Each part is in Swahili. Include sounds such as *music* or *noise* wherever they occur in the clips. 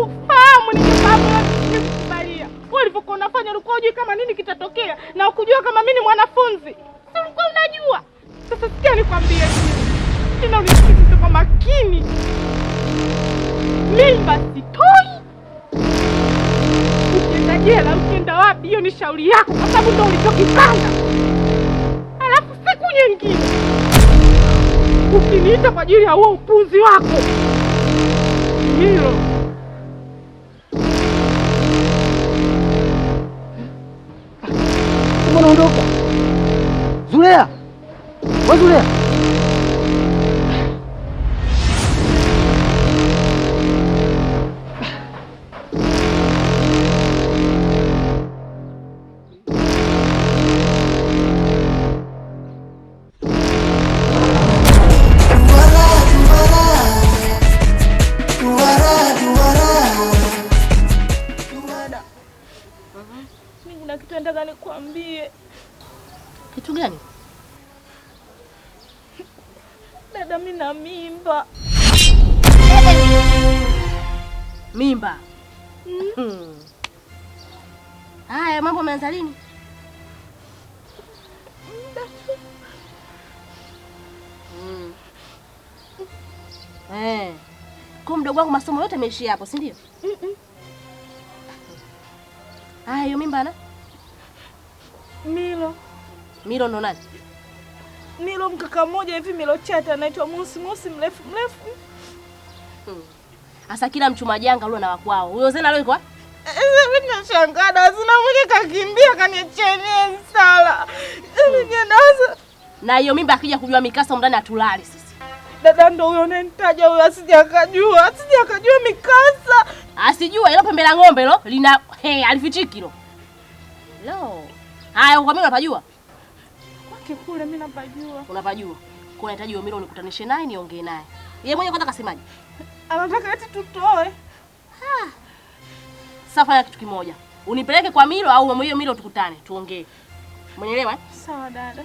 ufahamu nikukubalia. Wewe ulivyokuwa unafanya ulikuwa hujui kama nini kitatokea na ukujua kama mimi ni mwanafunzi, si ulikuwa unajua? Sasa sikia nikwambie, tena unisikilize kwa makini, mimba sitoi. Ukienda jela, ukienda wapi, hiyo ni shauri yako, kwa sababu ndio ulichokipanda. Alafu siku nyingine ukiniita kwa ajili ya huo upuzi wako hilo Mbona ondoka Zulea, we Zulea. labda mi na mimba. Mimba? Hmm. mambo ameanza lini? Hmm. Eh. Kwa mdogo wangu masomo yote ameishia hapo, si ndio? Haya, hiyo mimba na Milo. Milo ndo nani? Milo mkaka mmoja hivi Milo chata anaitwa Musi Musi mrefu mrefu. Hmm. kila mchuma janga leo na wakwao. Huyo zena leo kwa? Eh, eh, mimi nashangaa na zina mwenye kakimbia kanichenye sala. Mimi nazo. Eh, hmm. Na hiyo mimba akija kujua mikasa ndani atulali sisi. Dada ndo huyo unanitaja huyo asije akajua, asije akajua mikasa. Asijua ile pembe la ng'ombe lo lina he alifichiki lo. Lo. Haya kwa mimi unapajua? kwake kule mimi napajua. Unapajua? Kwa unahitaji Omilo unikutanishe naye niongee naye. Yeye mwenyewe kwanza kasemaje? Anataka eti tutoe. Ha. Safa ya kitu kimoja. Unipeleke kwa Milo au mama hiyo Milo tukutane tuongee. Umeelewa? Eh? Sawa dada.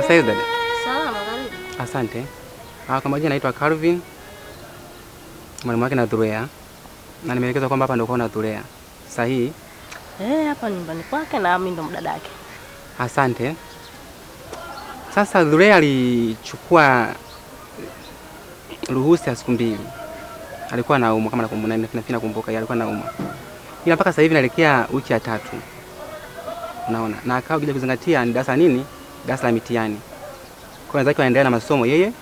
Sasa hiyo dada. Sawa, magharibi. Asante. Ah, kwa majina naitwa Calvin. Mwalimu wake na Dhurea na nimeelekezwa kwamba hapa ndio kwao natulea sahihi? Eh, hapa nyumbani kwake na mimi ndo mdada yake. Asante. Sasa Zulea alichukua ruhusa ya siku mbili, alikuwa anaumwa kama nakumbuka, alikuwa anaumwa, ila mpaka sasa hivi naelekea wiki ya tatu, unaona, na akawa bila kuzingatia ni darasa nini, darasa la mitihani, kwa wenzake wanaendelea na masomo, yeye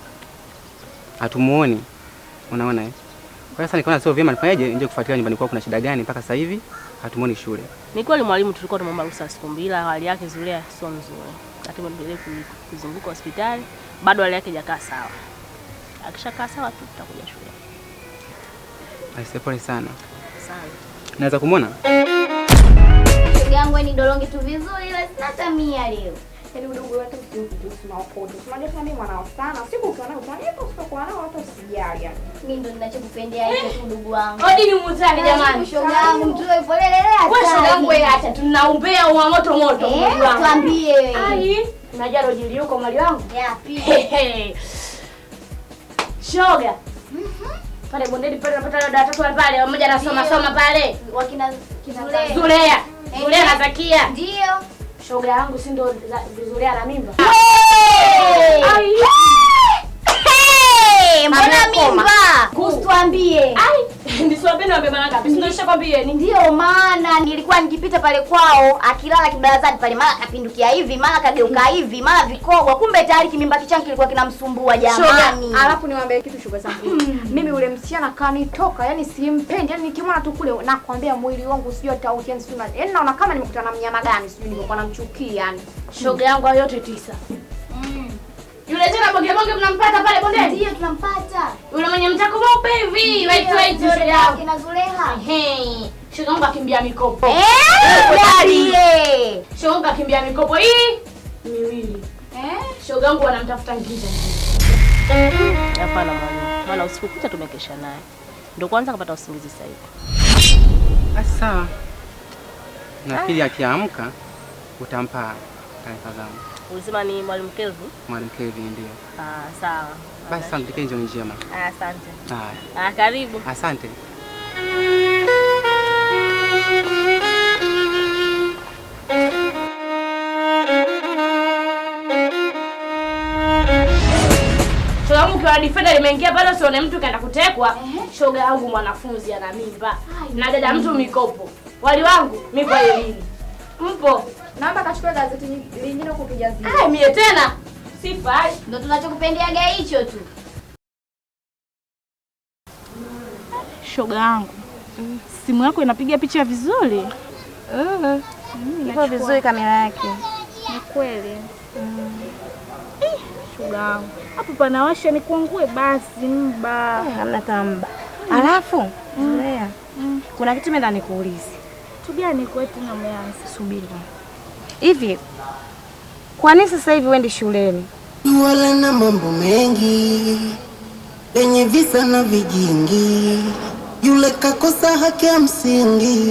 hatumuoni, unaona eh? Kwa hiyo sasa nikaona sio vyema nifanyaje nje kufuatilia nyumbani kwao kuna shida gani mpaka sasa hivi hatumoni shule. Ni kweli mwalimu, tulikuwa tumemwomba ruhusa siku mbili, hali yake zile sio nzuri. Lakini tuendelee kuzunguka hospitali, bado hali yake haijakaa sawa. Akishakaa sawa tu tutakuja shule. Aise, pole sana. Sana. Naweza kumwona? Yangu ni dorongi tu vizuri, ila sina tamia leo yaani udogo wake usio kuhusu maokoto. Unajua tena mimi mwanao sana. Siku ukiwa nao utanipa, usipokuwa nao hata usijali. mimi ndo ninachokupendea hiyo tu ndugu wangu. Hodi ni mzani jamani. Shoga yangu mtoe pole lelea. Wewe shoga yangu wewe acha tunaumbea wa moto moto ndugu wangu. Tuambie wewe. Ai, unajua roji liuko mali wangu? Yapi? Shoga. Mhm. Pale bondeni pale napata dada tatu pale, mmoja anasoma soma pale. Wakina Zulea. Zulea na Zakia. Ndio shoga yangu, si ndo vizuri na mimba? Mbona mimba? Kusitwambie. *laughs* Ndio nishakwambieni. maana nilikuwa nikipita pale kwao akilala kibarazani pale mara kapindukia hivi, mara kageuka hmm. hivi, mara vikogwa. Kumbe tayari kimimba kichangu kilikuwa kinamsumbua jamani. Alafu niwaambie kitu shoga zangu. Hmm. Mimi ule msichana kanitoka, yani simpendi. Yani nikimwona tu kule nakwambia mwili wangu sio tauti yani naona kama nimekutana na mnyama gani, sijui nimekuwa namchukia yani. Shoga yangu yote tisa. Yule tena bonge bonge mnampata pale bonde? Ndio tunampata. Yule mwenye mtako mweupe hivi, wait wait shoga yao. Kina Zuleha. Ehe. Shonga kimbia mikopo. Eh, dali. Shonga kimbia mikopo hii miwili. Eh, shoga yangu wanamtafuta ngiza. Hapana mwalimu. Maana usiku kucha tumekesha naye. Ndio kwanza kapata usingizi sasa hivi. Ah, sawa. pili akiamka utampa taarifa zangu. Ulisema ni Mwalimu Kelvin? Mwalimu Kelvin ndio. Ah, sawa. Basi asante, kenzo njema. Ah, asante. Ah, karibu. Asante. Ukiwa limeingia usione mtu kaenda kutekwa. Shoga yangu mwanafunzi ana mimba na dada mtu mikopo, wali wangu miko elini mpo Naomba kachukue gazeti lingine kutujazia. Ah, mie tena. Sifai. Ndio tunachokupendeaga hicho tu. Shoga yangu. Mm. Simu yako inapiga picha vizuri. Mm. Mm, iko vizuri kamera yake. Ni kweli. Mm. shoga yangu. Hapo panawasha ni kuangue basi mba. Eh, hamna tamba. Mm. Alafu, mm. Mm. Kuna kitu mimi ndani kuulizi. Tu gani kwetu na mwanzo. Subiri. Hivi kwa nini sasa hivi wendi shuleni? Wala na mambo mengi penye visa na vijingi, yule kakosa haki ya msingi,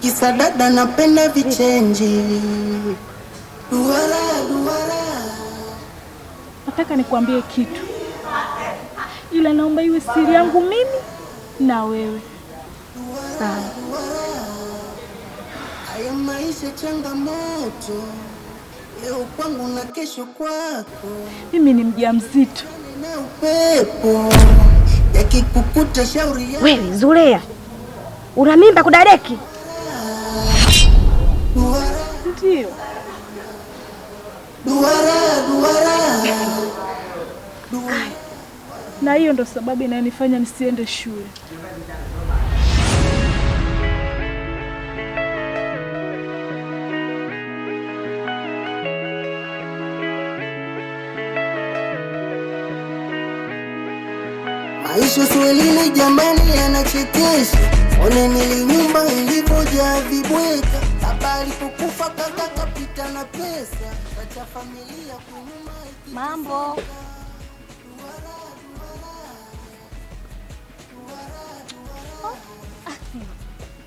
kisa dada napenda vichenji. Wala wala, nataka nikuambie kitu, ila naomba iwe siri yangu mimi na wewe, sawa? maisha changamoto, leo kwangu na kesho kwako. Mimi ni mjamzito yaani na upepo yakikukuta shauri Wewe Zulea, una mimba kudadeki? Ah, Ndio. Duara, duara. Duara. Na hiyo ndo sababu inayonifanya nisiende shule. Maisha swahili jambani, yanachekesha. Oneni mili nyumba ilivyojaa vibweka, hapa alipokufa kaka kapita na pesa, kacha familia kunyuma. Mambo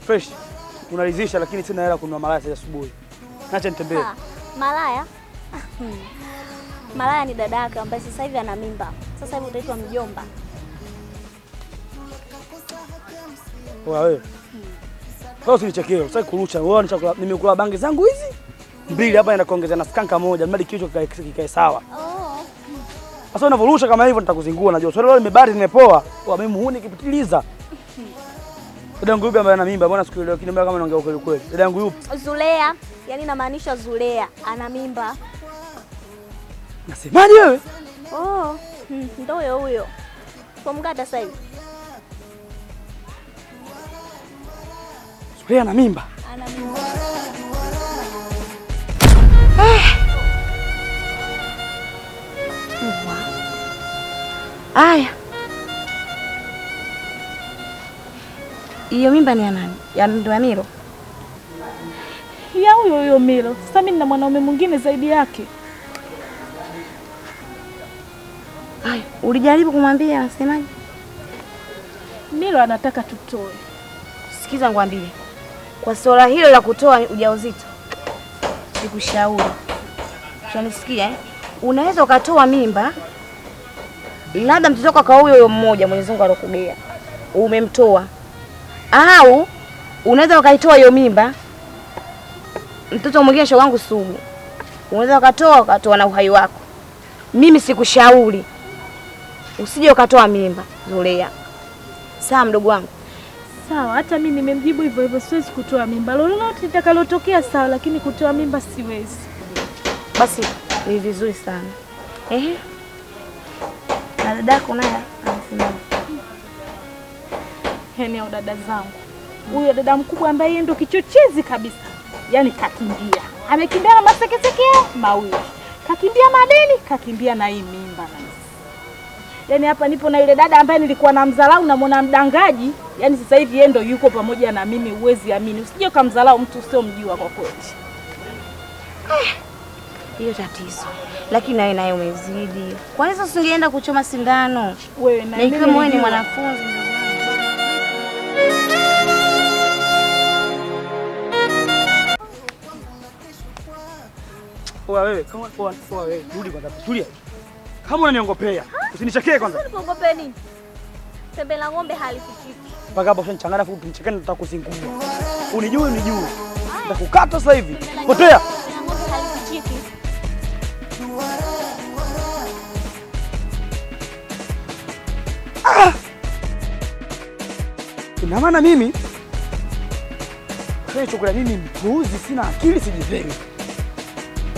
fresh, unaridhisha, lakini sina hela kununua malaya sasa asubuhi. Acha nitembee. Ah, malaya ah, hmm. malaya ni dadaka ambaye sasa hivi ana mimba, sasa hivi utaitwa mjomba. wewe. Sasa usinichekee, usitaki kurusha. Wewe ni chakula, nimekula bangi zangu hizi mbili hapa, inakuongezea na skanka moja, mradi kichwa kikae sawa. Oh. Sasa unavurusha kama hivyo nitakuzingua, najua. Sasa leo nimebari nimepoa. Mimi muhuni kipitiliza. Dada yangu yupi ambaye ana mimba? Mbona siku leo ukiniambia kama naongea kweli kweli. Dada yangu yupi? Zulea. Yaani namaanisha Zulea ana mimba. Nasemaje wewe? Oh, ndio huyo Kwa mgada sasa hivi. Rea na mimba. Ana mimba. Ah. Aya. Hiyo mimba ni ya nani? Ya ndo ya Milo? Ya huyo huyo Milo. Sasa mimi na mwanaume mwingine zaidi yake. Aya, ulijaribu kumwambia anasemaje? Milo anataka tutoe. Sikiza ngwambie. Kwa suala hilo la kutoa ujauzito, sikushauri, unanisikia eh? Unaweza ukatoa mimba, labda mtoto wako huyo huyo mmoja Mwenyezi Mungu alokugea, umemtoa, au unaweza ukaitoa hiyo mimba, mtoto mwingine, shoga wangu sugu, unaweza ukatoa ukatoa na uhai wako. Mimi sikushauri usije ukatoa mimba Zulea, sawa mdogo wangu? sawa, hata mi nimemjibu hivyo hivyo, siwezi kutoa mimba. Lolote litakalotokea sawa, lakini kutoa mimba siwezi. Basi ni vizuri sana. Ehe, na dada yako naye anasimama. Heni au dada zangu, huyo dada mkubwa ambaye yeye ndo kichochezi kabisa, yaani kakimbia, amekimbia na masekeseke mawili, kakimbia madeni, kakimbia na hii mimba na Yaani hapa nipo na ile dada ambaye nilikuwa na mdharau na mwana mdangaji, yaani sasa hivi yeye ndo yuko pamoja na mimi, uwezi amini. Usije ukamdharau mtu sio mjua kwa kweli. Eh, hiyo tatizo. Lakini naye naye umezidi. Kwa hizo usingeenda kuchoma sindano. Wewe na ikiwa wewe ni mwanafunzi. Wewe kama wewe, rudi kwanza, tulia. Kama unaniongopea, usinichekee kwanza. Unaniongopea nini? Sembe la ng'ombe halifikiki. Mpaka hapo unachanganya afu unichekee nitakuzingua. Unijui unijui. Nitakukata sasa hivi. Potea. Ah! Ina maana mimi chukula nini? Mpuuzi, sina akili, sijielewi.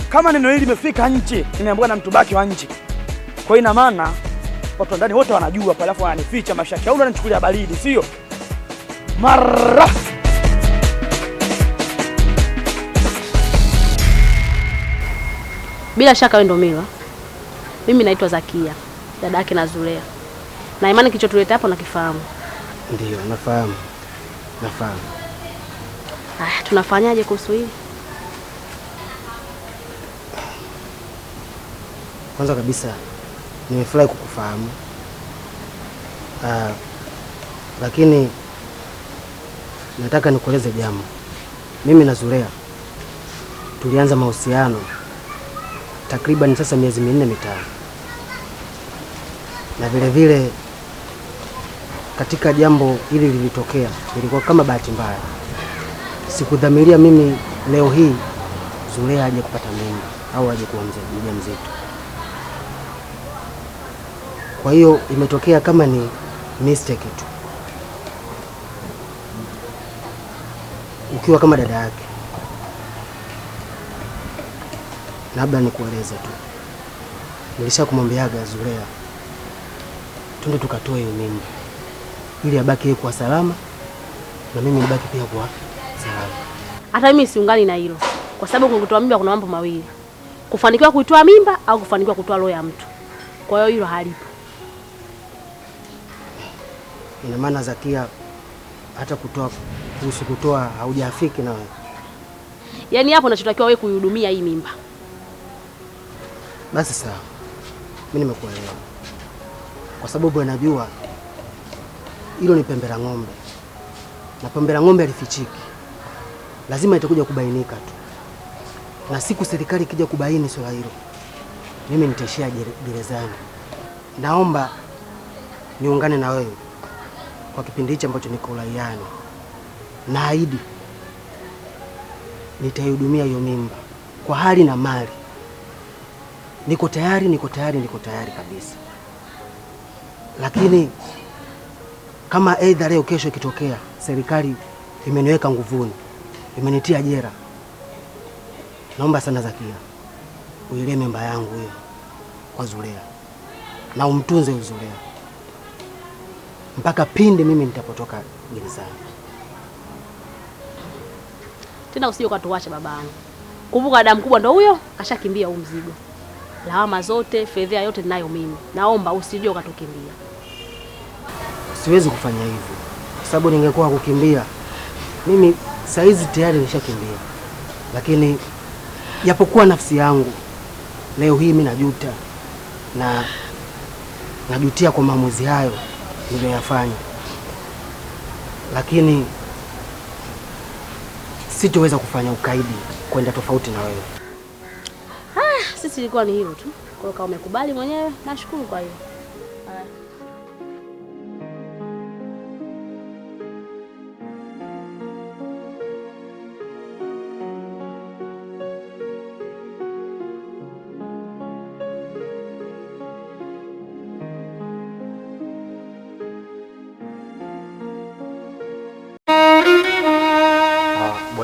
Kama neno hili limefika nje, nimeambiwa na mtubaki wa nje. Kwa ina maana watu ndani wote wanajua pale, alafu wananificha mashaki au wananichukulia baridi, sio mara bila shaka wewe ndio Mila. Mimi naitwa Zakia, dada yake na Zulea, na imani kilichotuleta hapo nakifahamu. Ndio nafahamu, nafahamu. Aya, tunafanyaje kuhusu hili? Kwanza kabisa nimefurahi kukufahamu. Uh, lakini nataka nikueleze jambo. Mimi na Zulea tulianza mahusiano takriban sasa miezi minne mitano, na vile vile katika jambo hili lilitokea, ilikuwa kama bahati mbaya. Sikudhamiria mimi leo hii Zulea aje kupata mimba au aje kuwa mjamzito. Kwa hiyo imetokea kama ni mistake tu, ukiwa kama dada yake, labda nikueleze tu, nilisha kumwambiaga Zulea tunde tukatoe hiyo mimba ili abaki yeye kwa salama na mimi nibaki pia kwa salama. Hata mimi siungani na hilo, kwa sababu kutoa mimba kuna mambo mawili, kufanikiwa kuitoa mimba au kufanikiwa kutoa roho ya mtu. Kwa hiyo hilo halipo. Ina maana Zakia hata kutoa kuhusu kutoa haujafiki na wewe. Yaani hapo unachotakiwa wewe kuihudumia hii mimba. Basi sawa, mimi nimekuelewa, kwa sababu anajua hilo ni pembe la ng'ombe, na pembe la ng'ombe alifichiki, lazima itakuja kubainika tu, na siku serikali ikija kubaini swala hilo, mimi nitaishia gerezani. Naomba niungane na wewe kwa kipindi hichi ambacho niko uraiani, naahidi nitaihudumia hiyo mimba kwa hali na mali. Niko tayari, niko tayari, niko tayari kabisa. Lakini kama aidha leo kesho ikitokea serikali imeniweka nguvuni, imenitia jera naomba sana Zakia, uilee mimba yangu hiyo kwa Zulea na umtunze Zulea mpaka pindi mimi nitapotoka gerezani. Tena usije ukatuacha babangu. Kumbuka dada mkubwa ndo huyo kashakimbia huu mzigo, lawama zote, fedha yote ninayo mimi. Naomba usije ukatukimbia. Siwezi kufanya hivyo kwa sababu ningekuwa kukimbia mimi saizi tayari nishakimbia, lakini japokuwa nafsi yangu leo hii mimi najuta na najutia kwa maamuzi hayo nimeyafanya, lakini sitoweza kufanya ukaidi kwenda tofauti na wewe. Ah, sisi ilikuwa ni hilo tu, kwa kama umekubali mwenyewe, nashukuru kwa hiyo.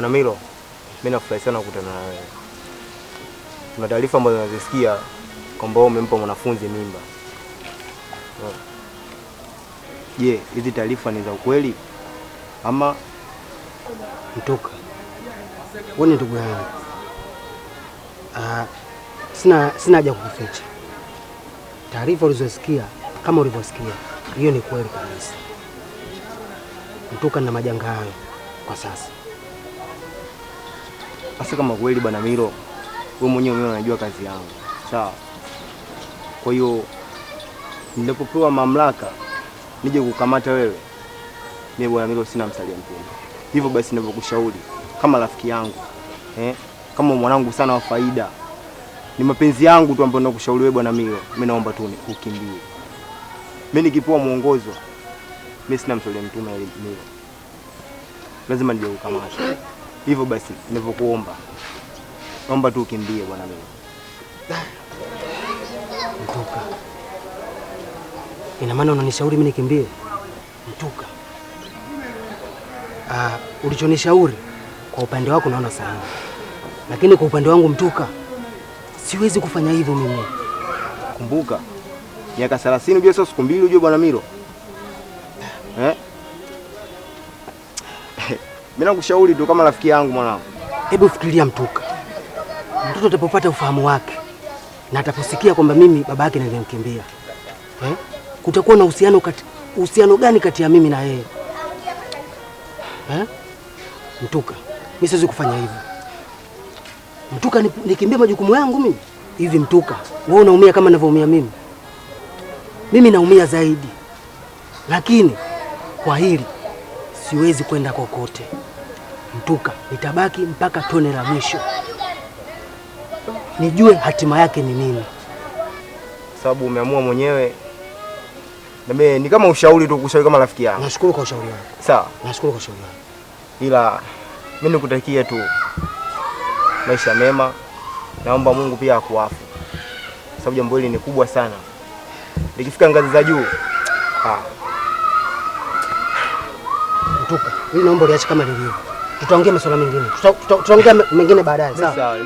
Bwana Milo, mimi nafurahi sana kukutana na wewe. Kuna taarifa ambazo nazisikia kwamba wewe umempa mwanafunzi mimba. Je, yeah, hizi taarifa ni za ukweli ama mtoka? Wewe ni ndugu yangu, ah, sina sina haja kukuficha. Taarifa ulizosikia kama ulivyosikia, hiyo ni kweli kabisa. Mtoka na majanga hayo kwa sasa. Hasa kama kweli bwana Milo, wewe mwenyewe unajua kazi yangu, sawa? Kwa hiyo nilipopewa mamlaka nije kukamata wewe, mimi bwana Milo sina msalia mpenzi. Hivyo basi ninavyokushauri kama rafiki yangu eh, kama mwanangu sana wa faida, ni mapenzi yangu tu ambayo nakushauri wewe bwana Milo, mimi naomba tu ukimbie. Mimi nikipewa mwongozo, mimi sina msalia mtume Milo, lazima nije kukamata Hivyo basi nilivyokuomba, naomba tu ukimbie bwana. Mimi Mtuka, ina maana unanishauri mimi nikimbie? Mtuka, ah, ulichonishauri kwa upande wako naona sana lakini kwa upande wangu Mtuka, siwezi kufanya hivyo mimi. Kumbuka miaka 30 ujue, sio siku mbili, ujue bwana Miro. Mimi nakushauri tu kama rafiki yangu mwanangu, hebu fikiria mtuka, mtoto atapopata ufahamu wake na ataposikia kwamba mimi baba yake nilimkimbia eh? kutakuwa na uhusiano kati, uhusiano gani kati ya mimi na yeye eh? Mtuka, mimi siwezi kufanya hivyo mtuka, nikimbia majukumu yangu mimi hivi. Mtuka, wewe unaumia kama ninavyoumia mimi, mimi naumia zaidi, lakini kwa hili siwezi kwenda kokote Mtuka, nitabaki mpaka tone la mwisho nijue hatima yake ni nini. Sababu umeamua mwenyewe, mimi ni kama ushauri tu, kushauri kama rafiki yangu. Nashukuru kwa ushauri wako. Sawa, nashukuru kwa ushauri wako, ila mimi nikutakie tu maisha mema. Naomba Mungu pia akuafu, sababu jambo hili ni kubwa sana. Nikifika ngazi za juu ah kutupa. Hili naomba uliache kama lilivyo. Tutaongea masuala mengine. Tutaongea mengine baadaye. Sawa.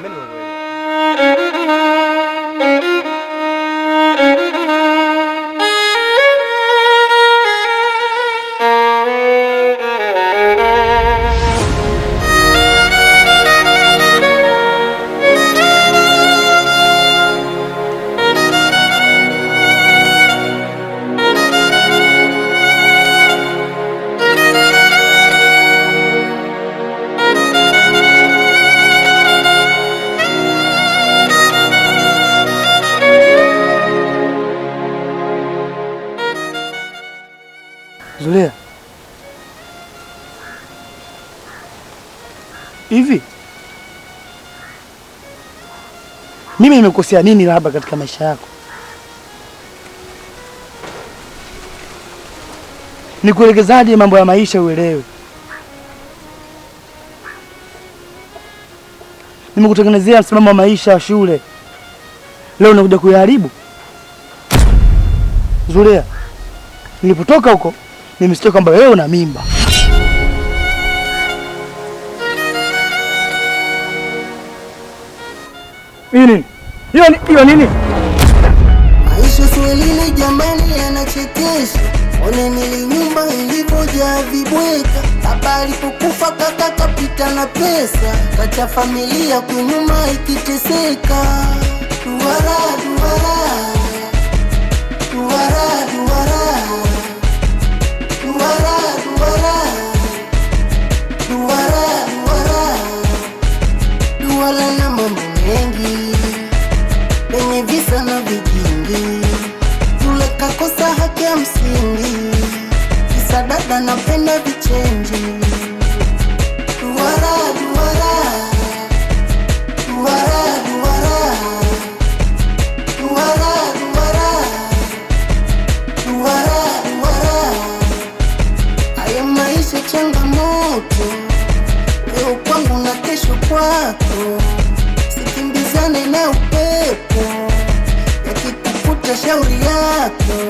mimi nimekosea nini labda katika maisha yako? Nikuelekezaje mambo ya maisha uelewe? Nimekutengenezea msimamo wa maisha ya shule, leo nakuja kuyaharibu. Zulea, nilipotoka huko nimesikia kwamba wewe una mimba. Nini? hiyo hiyo nini? Maisha swalini jamani, yanachekesha. Oneni ile nyumba ilivyojaa vibweka. Baba alipokufa kaka kapita na pesa, kacha familia kunyuma ikiteseka. duara duara duara up.